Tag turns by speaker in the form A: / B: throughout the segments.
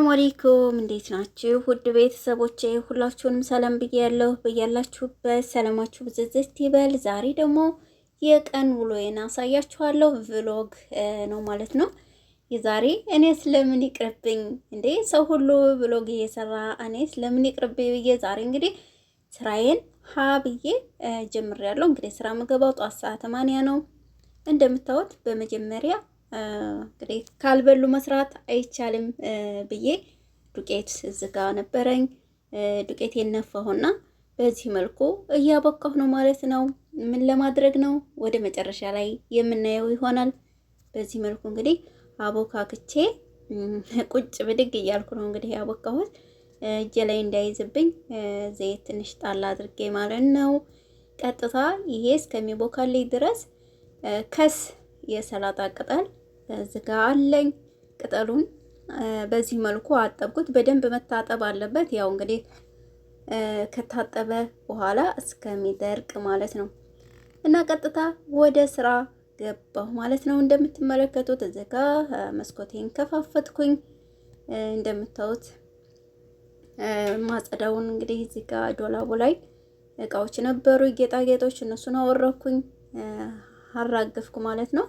A: ሰላም አለይኩም እንዴት ናችሁ? ውድ ቤተሰቦቼ ሁላችሁንም ሰላም ብያለሁ። በያላችሁበት ሰላማችሁ ብዝዝት ይበል። ዛሬ ደግሞ የቀን ውሎዬን አሳያችኋለሁ። ቭሎግ ነው ማለት ነው የዛሬ። እኔስ ለምን ይቅርብኝ እንዴ ሰው ሁሉ ቭሎግ እየሰራ እኔስ ለምን ይቅርብኝ ብዬ ዛሬ እንግዲህ ስራዬን ሀ ብዬ ጀምሬያለሁ። እንግዲህ ስራ ምገባው ጧት ሰዓት ማንያ ነው እንደምታዩት በመጀመሪያ እንግዲህ ካልበሉ መስራት አይቻልም ብዬ ዱቄት እዝጋ ነበረኝ። ዱቄት የነፋሁና በዚህ መልኩ እያቦካሁ ነው ማለት ነው። ምን ለማድረግ ነው ወደ መጨረሻ ላይ የምናየው ይሆናል። በዚህ መልኩ እንግዲህ አቦካክቼ ቁጭ ብድግ እያልኩ ነው እንግዲህ ያቦካሁት እጄ ላይ እንዳይዝብኝ ዘይት ትንሽ ጣል አድርጌ ማለት ነው። ቀጥታ ይሄ እስከሚቦካልኝ ድረስ ከስ የሰላጣ ቅጠል እዚህ አለኝ ቅጠሉን በዚህ መልኩ አጠብኩት። በደንብ መታጠብ አለበት። ያው እንግዲህ ከታጠበ በኋላ እስከሚደርቅ ማለት ነው እና ቀጥታ ወደ ስራ ገባሁ ማለት ነው። እንደምትመለከቱት እዚህ መስኮቴን ከፋፈትኩኝ። እንደምታዩት ማጸዳውን እንግዲህ እዚህ ጋር ዶላቡ ላይ እቃዎች ነበሩ፣ ጌጣጌጦች፣ እነሱን አወረኩኝ አራገፍኩ ማለት ነው።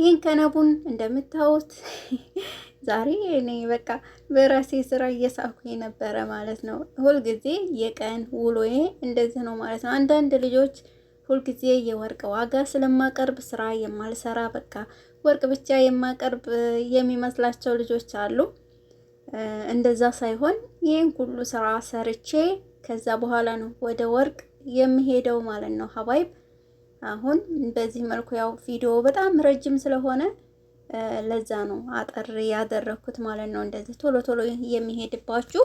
A: ይህን ከነቡን እንደምታዩት ዛሬ እኔ በቃ በራሴ ስራ እየሳኩ ነበረ ማለት ነው። ሁልጊዜ የቀን ውሎዬ እንደዚህ ነው ማለት ነው። አንዳንድ ልጆች ሁልጊዜ የወርቅ ዋጋ ስለማቀርብ ስራ የማልሰራ በቃ ወርቅ ብቻ የማቀርብ የሚመስላቸው ልጆች አሉ። እንደዛ ሳይሆን ይህን ሁሉ ስራ ሰርቼ ከዛ በኋላ ነው ወደ ወርቅ የምሄደው ማለት ነው ሀባይብ አሁን በዚህ መልኩ ያው ቪዲዮ በጣም ረጅም ስለሆነ ለዛ ነው አጠር ያደረኩት ማለት ነው። እንደዚህ ቶሎ ቶሎ የሚሄድባችሁ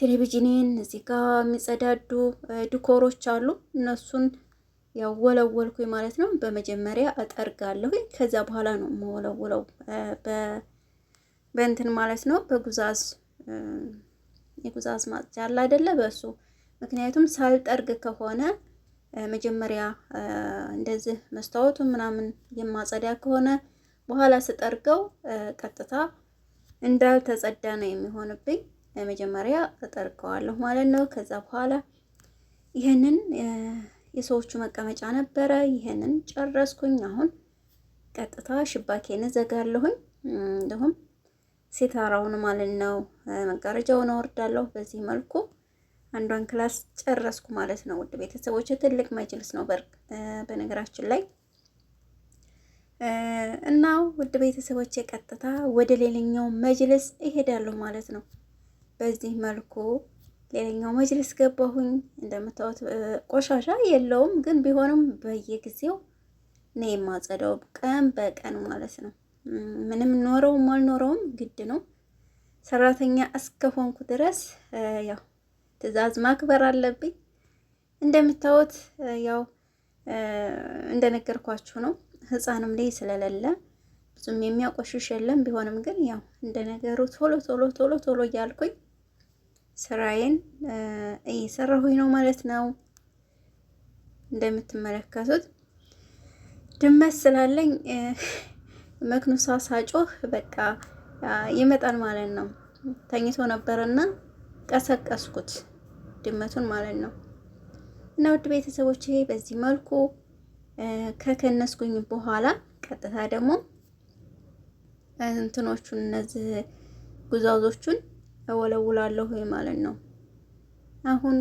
A: ቴሌቪዥኔን እዚህ ጋር የሚጸዳዱ ዲኮሮች አሉ። እነሱን ያው ማለት ነው። በመጀመሪያ እጠርጋለሁ፣ ከዛ በኋላ ነው መወለውለው በእንትን ማለት ነው። በጉዛዝ የጉዛዝ ማጽጃ አለ አይደለ? በእሱ ምክንያቱም ሳልጠርግ ከሆነ መጀመሪያ እንደዚህ መስታወቱ ምናምን የማጸዳያ ከሆነ በኋላ ስጠርገው ቀጥታ እንዳልተጸዳ ነው የሚሆንብኝ። መጀመሪያ እጠርገዋለሁ ማለት ነው። ከዛ በኋላ ይህንን የሰዎቹ መቀመጫ ነበረ። ይህንን ጨረስኩኝ። አሁን ቀጥታ ሽባኬን እዘጋለሁኝ። እንዲሁም ሲታራውን ማለት ነው መጋረጃውን አወርዳለሁ በዚህ መልኩ አንዷን ክላስ ጨረስኩ ማለት ነው። ውድ ቤተሰቦች ትልቅ መጅልስ ነው በነገራችን ላይ እና ውድ ቤተሰቦች ቀጥታ ወደ ሌላኛው መጅልስ እሄዳለሁ ማለት ነው። በዚህ መልኩ ሌላኛው መጅልስ ገባሁኝ። እንደምታዩት ቆሻሻ የለውም ግን ቢሆንም በየጊዜው ነው የማጸደው ቀን በቀን ማለት ነው። ምንም ኖረውም አልኖረውም ግድ ነው ሰራተኛ እስከሆንኩ ድረስ ያው ትዕዛዝ ማክበር አለብኝ። እንደምታዩት ያው እንደነገርኳችሁ ነው። ህፃንም ላይ ስለሌለ ብዙም የሚያቆሽሽ የለም። ቢሆንም ግን ያው እንደነገሩ ቶሎ ቶሎ ቶሎ ቶሎ እያልኩኝ ስራዬን እየሰራሁኝ ነው ማለት ነው። እንደምትመለከቱት ድመት ስላለኝ መክኑሳ ሳጮህ በቃ ይመጣል ማለት ነው። ተኝቶ ነበርና ቀሰቀስኩት ድመቱን ማለት ነው። እና ውድ ቤተሰቦች ይሄ በዚህ መልኩ ከከነስኩኝ በኋላ ቀጥታ ደግሞ እንትኖቹን እነዚህ ጉዛዞቹን እወለውላለሁ ማለት ነው። አሁን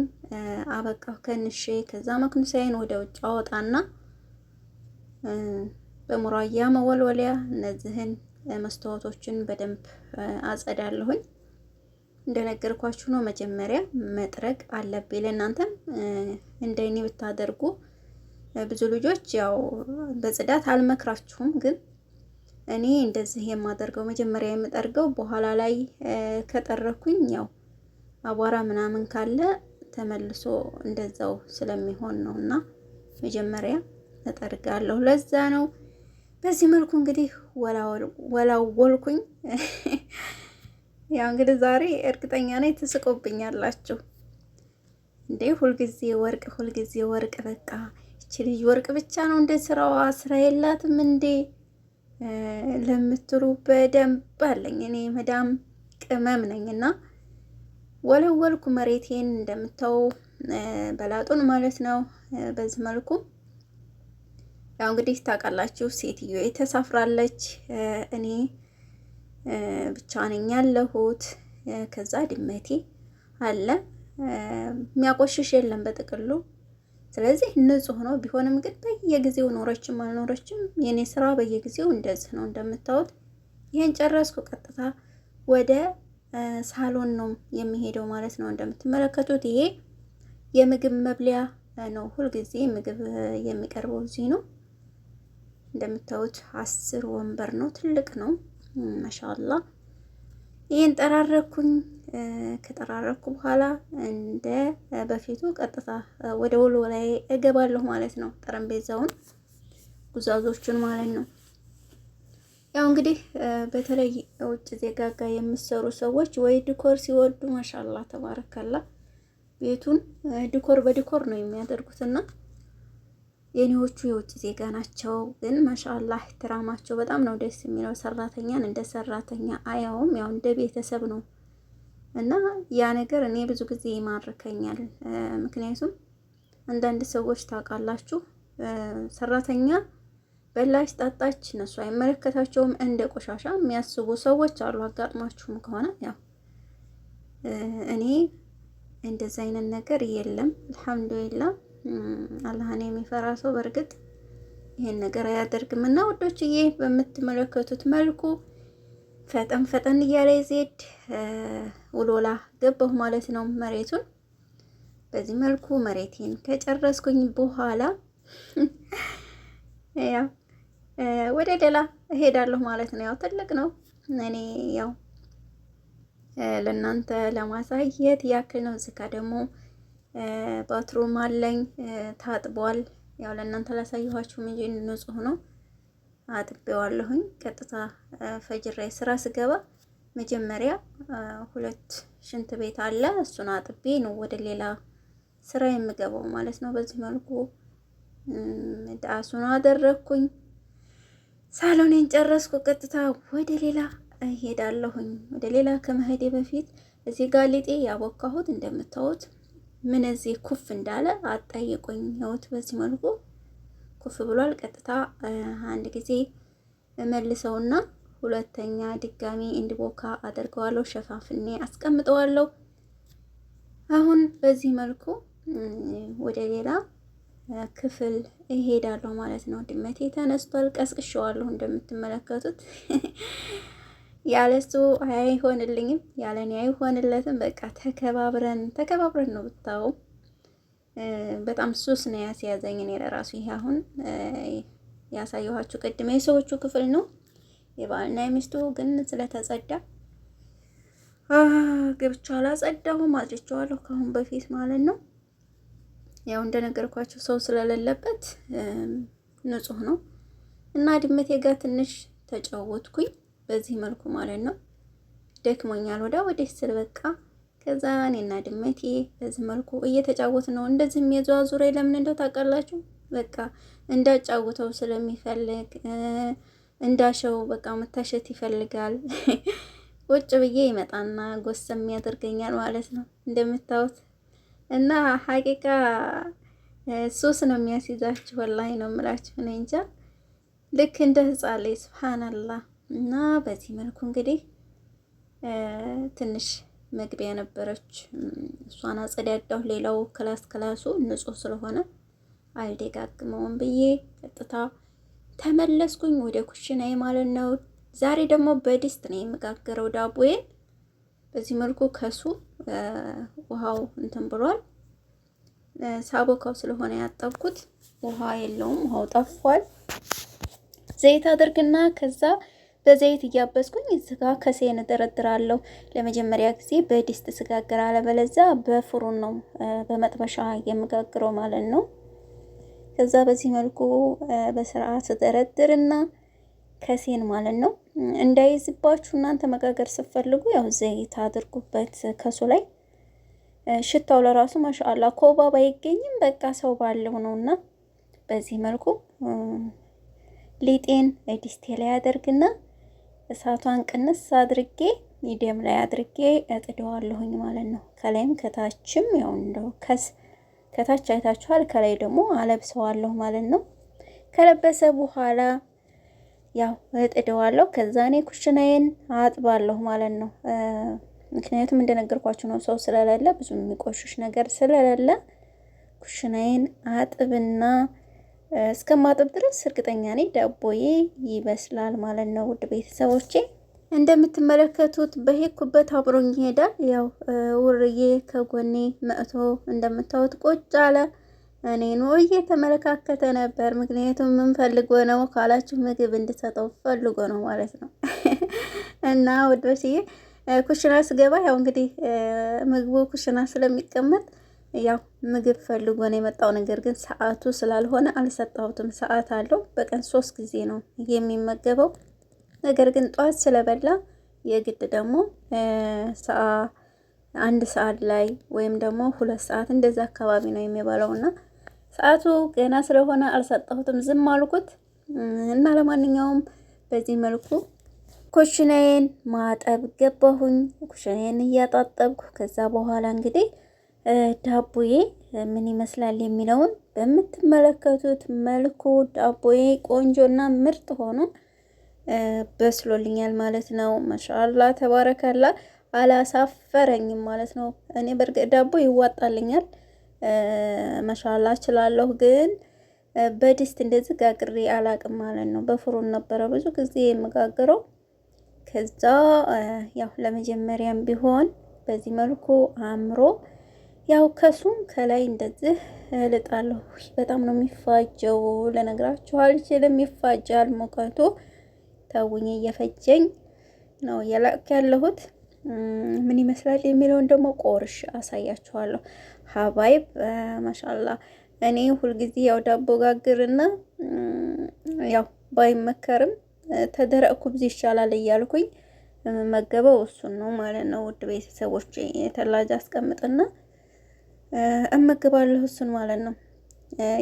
A: አበቃሁ ከንሼ። ከዛ መክንሳዬን ወደ ውጭ አወጣና በሙራያ መወልወሊያ እነዚህን መስታወቶችን በደንብ አጸዳለሁኝ። እንደነገርኳችሁ ነው። መጀመሪያ መጥረግ አለብኝ። ለእናንተም እንደኔ ብታደርጉ ብዙ ልጆች ያው በጽዳት አልመክራችሁም፣ ግን እኔ እንደዚህ የማደርገው መጀመሪያ የምጠርገው በኋላ ላይ ከጠረኩኝ ያው አቧራ ምናምን ካለ ተመልሶ እንደዛው ስለሚሆን ነው እና መጀመሪያ እጠርጋለሁ። ለዛ ነው በዚህ መልኩ እንግዲህ ወላወልኩኝ። ያው እንግዲህ ዛሬ እርግጠኛ ነኝ ትስቆብኛላችሁ። እንዴ ሁልጊዜ ወርቅ ሁልጊዜ ወርቅ በቃ እቺ ልጅ ወርቅ ብቻ ነው እንደ ስራዋ ስራ የላትም እንዴ ለምትሉ በደንብ አለኝ። እኔ መዳም ቅመም ነኝና ወለወልኩ መሬቴን እንደምታው በላጡን ማለት ነው። በዚህ መልኩ ያው እንግዲህ ታውቃላችሁ፣ ሴትዮ ተሳፍራለች እኔ ብቻ ነኝ ያለሁት። ከዛ ድመቴ አለ የሚያቆሽሽ የለም በጥቅሉ። ስለዚህ ንጹህ ነው። ቢሆንም ግን በየጊዜው ኖረችም አልኖረችም የኔ ስራ በየጊዜው እንደዚህ ነው እንደምታዩት። ይህን ጨረስኩ ቀጥታ ወደ ሳሎን ነው የሚሄደው ማለት ነው። እንደምትመለከቱት ይሄ የምግብ መብሊያ ነው። ሁልጊዜ ምግብ የሚቀርበው እዚህ ነው እንደምታዩት። አስር ወንበር ነው፣ ትልቅ ነው። ማሻአላ ይህን ጠራረኩኝ። ከጠራረኩ በኋላ እንደ በፊቱ ቀጥታ ወደ ወሎ ላይ እገባለሁ ማለት ነው። ጠረጴዛውን ጉዛዞቹን ማለት ነው። ያው እንግዲህ በተለይ ውጭ ዜጋ ጋር የሚሰሩ ሰዎች ወይ ዲኮር ሲወዱ ማሻአላ ተባረከላ ቤቱን ዲኮር በዲኮር ነው የሚያደርጉትና የኔዎቹ የውጭ ዜጋ ናቸው፣ ግን ማሻአላህ ትራማቸው በጣም ነው ደስ የሚለው። ሰራተኛን እንደ ሰራተኛ አያውም፣ ያው እንደ ቤተሰብ ነው እና ያ ነገር እኔ ብዙ ጊዜ ይማርከኛል። ምክንያቱም አንዳንድ ሰዎች ታውቃላችሁ፣ ሰራተኛ በላሽ ጣጣች፣ እነሱ አይመለከታቸውም እንደ ቆሻሻ የሚያስቡ ሰዎች አሉ። አጋጥሟችሁም ከሆነ ያው እኔ እንደዚ አይነት ነገር የለም አልሐምዱሊላህ አላህን የሚፈራ ሰው በእርግጥ ይሄን ነገር አያደርግም። እና ወዶችዬ በምትመለከቱት መልኩ ፈጠን ፈጠን እያለ ዜድ ውሎላ ገባሁ ማለት ነው መሬቱን። በዚህ መልኩ መሬቴን ከጨረስኩኝ በኋላ ያው ወደ ደላ እሄዳለሁ ማለት ነው። ያው ትልቅ ነው። እኔ ያው ለእናንተ ለማሳየት ያክል ነው። እዚህ ጋ ደግሞ ባትሮም አለኝ ታጥቧል። ያው ለእናንተ ላሳየኋችሁም እንጂ ንጹህ ነው። አጥቤዋለሁኝ። ቀጥታ ፈጅር ላይ ስራ ስገባ መጀመሪያ ሁለት ሽንት ቤት አለ። እሱን አጥቤ ነው ወደ ሌላ ስራ የምገባው ማለት ነው። በዚህ መልኩ ዳሱን አደረግኩኝ። ሳሎኔን ጨረስኩ። ቀጥታ ወደ ሌላ እሄዳለሁኝ። ወደ ሌላ ከመሄዴ በፊት እዚህ ጋር ሊጤ ያቦካሁት እንደምታዩት ምን እዚህ ኩፍ እንዳለ አጠይቁኝ። ህይወት በዚህ መልኩ ኩፍ ብሏል። ቀጥታ አንድ ጊዜ መልሰውና ሁለተኛ ድጋሚ እንዲቦካ አደርገዋለሁ። ሸፋፍኔ አስቀምጠዋለሁ። አሁን በዚህ መልኩ ወደ ሌላ ክፍል እሄዳለሁ ማለት ነው። ድመቴ ተነስቷል። ቀስቅሸዋለሁ እንደምትመለከቱት ያለ እሱ አይሆንልኝም፣ ያለ እኔ አይሆንለትም። በቃ ተከባብረን ተከባብረን ነው ብታው። በጣም ሱስ ነው ያስያዘኝ እኔ ለራሱ። ይሄ አሁን ያሳየኋችሁ ቅድመ የሰዎቹ ክፍል ነው የባልና የሚስቱ ግን ስለተጸዳ ግብቻ አላጸዳሁም፣ አጽድቼዋለሁ ከአሁን በፊት ማለት ነው። ያው እንደነገርኳቸው ሰው ስለሌለበት ንጹህ ነው እና ድመቴ ጋር ትንሽ ተጫወትኩኝ። በዚህ መልኩ ማለት ነው። ደክሞኛል ወዳ ወደ ስል በቃ ከዛ እኔና ድመቴ በዚህ መልኩ እየተጫወት ነው። እንደዚህም የዘዋ ዙሪያ ለምን እንደው ታውቃላችሁ፣ በቃ እንዳጫውተው ስለሚፈልግ እንዳሸው በቃ መታሸት ይፈልጋል። ቁጭ ብዬ ይመጣና ጎሰም ያደርገኛል ማለት ነው እንደምታዩት። እና ሀቂቃ ሱስ ነው የሚያስይዛችሁ። ወላሂ ነው የምላችሁ። እኔ እንጃ ልክ እንደ ህፃን ላይ ስብሃንአላህ እና በዚህ መልኩ እንግዲህ ትንሽ መግቢያ ነበረች። እሷን አጸዳዳሁ። ሌላው ክላስ ክላሱ ንጹህ ስለሆነ አልደጋግመውም ብዬ ቀጥታ ተመለስኩኝ ወደ ኩሽናዬ ማለት ነው። ዛሬ ደግሞ በድስት ነው የምጋገረው ዳቦዬን። በዚህ መልኩ ከሱ ውሃው እንትን ብሏል። ሳቦካው ስለሆነ ያጠብኩት ውሃ የለውም፣ ውሃው ጠፏል። ዘይት አድርግና ከዛ በዘይት እያበስኩኝ ስጋ ከሴን እደረድራለሁ። ለመጀመሪያ ጊዜ በድስት ስጋግር፣ አለበለዚያ በፍሩን ነው በመጥበሻ የምጋግረው ማለት ነው። ከዛ በዚህ መልኩ በስርዓት እደረድርና ከሴን ማለት ነው እንዳይዝባችሁ እናንተ መጋገር ስትፈልጉ ያው ዘይት አድርጉበት ከሱ ላይ ሽታው ለራሱ ማሻአላ ኮባ ባይገኝም በቃ ሰው ባለው እና በዚህ መልኩ ሊጤን ዲስቴ ላይ ያደርግና እሳቷን ቅንስ አድርጌ ሚዲየም ላይ አድርጌ እጥደዋለሁኝ ማለት ነው። ከላይም ከታችም ያው እንደው ከስ ከታች አይታችኋል፣ ከላይ ደግሞ አለብሰዋለሁ ማለት ነው። ከለበሰ በኋላ ያው እጥደዋለሁ። ከዛ እኔ ኩሽናዬን አጥባለሁ ማለት ነው። ምክንያቱም እንደነገርኳችሁ ነው፣ ሰው ስለሌለ ብዙ የሚቆሽሽ ነገር ስለሌለ ኩሽናዬን አጥብና እስከማጥብ ድረስ እርግጠኛ ነኝ ዳቦዬ ይበስላል ማለት ነው። ውድ ቤተሰቦቼ እንደምትመለከቱት በሄኩበት አብሮኝ ይሄዳል። ያው ውርዬ ከጎኔ መጥቶ እንደምታዩት ቁጭ አለ። እኔን እየተመለካከተ ነበር። ምክንያቱም ምን ፈልጎ ነው ካላችሁ ምግብ እንድሰጠው ፈልጎ ነው ማለት ነው። እና ውድ ኩሽና ስገባ ያው እንግዲህ ምግቡ ኩሽና ስለሚቀመጥ ያው ምግብ ፈልጎ ነው የመጣው። ነገር ግን ሰዓቱ ስላልሆነ አልሰጠሁትም። ሰዓት አለው። በቀን ሶስት ጊዜ ነው የሚመገበው። ነገር ግን ጠዋት ስለበላ የግድ ደግሞ አንድ ሰዓት ላይ ወይም ደግሞ ሁለት ሰዓት እንደዛ አካባቢ ነው የሚበላው እና ሰዓቱ ገና ስለሆነ አልሰጠሁትም፣ ዝም አልኩት እና ለማንኛውም በዚህ መልኩ ኩሽናዬን ማጠብ ገባሁኝ። ኩሽናዬን እያጣጠብኩ ከዛ በኋላ እንግዲህ ዳቦዬ ምን ይመስላል የሚለውን በምትመለከቱት መልኩ ዳቦዬ ቆንጆና ምርጥ ሆኖ በስሎልኛል ማለት ነው። ማሻአላ ተባረከላ አላሳፈረኝም ማለት ነው። እኔ በእርግጥ ዳቦ ይዋጣልኛል ማሻአላ እችላለሁ፣ ግን በድስት እንደዚህ ጋግሬ አላቅም ማለት ነው። በፍሩን ነበረ ብዙ ጊዜ የምጋግረው። ከዛ ያው ለመጀመሪያም ቢሆን በዚህ መልኩ አምሮ ያው ከሱም ከላይ እንደዚህ ልጣለሁ። በጣም ነው የሚፋጀው፣ ለነግራችሁ አልችልም። ይፋጃል ሙቀቱ። ተውኝ እየፈጀኝ ነው እየላቅ ያለሁት ምን ይመስላል የሚለውን ደግሞ ቆርሽ አሳያችኋለሁ። ሀባይ ማሻላ እኔ ሁልጊዜ ያው ዳቦ ጋግርና ያው ባይመከርም ተደረቅ ኩብዝ ይሻላል እያልኩኝ መገበው እሱን ነው ማለት ነው። ውድ ቤተሰቦች ተላጅ አስቀምጥና እመግባለሁ እሱን ማለት ነው።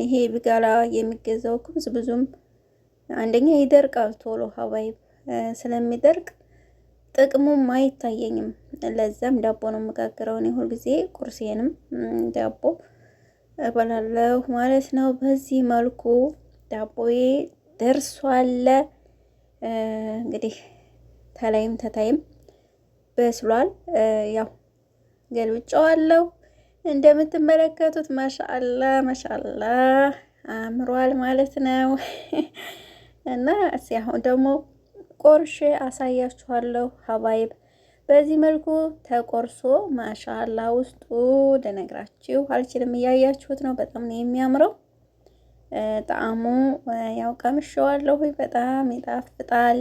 A: ይሄ ቢጋላ የሚገዛው ኩብዝ ብዙም አንደኛ ይደርቃል ቶሎ ሀባይብ ስለሚደርቅ ጥቅሙም አይታየኝም። ለዛም ዳቦ ነው የምጋግረው እኔ ሁልጊዜ ቁርሴንም ዳቦ እበላለሁ ማለት ነው። በዚህ መልኩ ዳቦዬ ደርሷል። እንግዲህ ተላይም ተታይም በስሏል። ያው ገልብጨዋለሁ። እንደምትመለከቱት ማሻአላ ማሻአላ አምሯል ማለት ነው። እና እስኪ አሁን ደግሞ ቆርሼ አሳያችኋለሁ ሀባይብ። በዚህ መልኩ ተቆርሶ ማሻላ ውስጡ ልነግራችሁ አልችልም። እያያችሁት ነው። በጣም ነው የሚያምረው። ጣዕሙ ያው ቀምሼዋለሁ። በጣም ይጣፍጣል።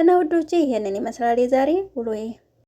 A: እና ውዶቼ ይሄንን ይመስላል የዛሬ ውሎዬ።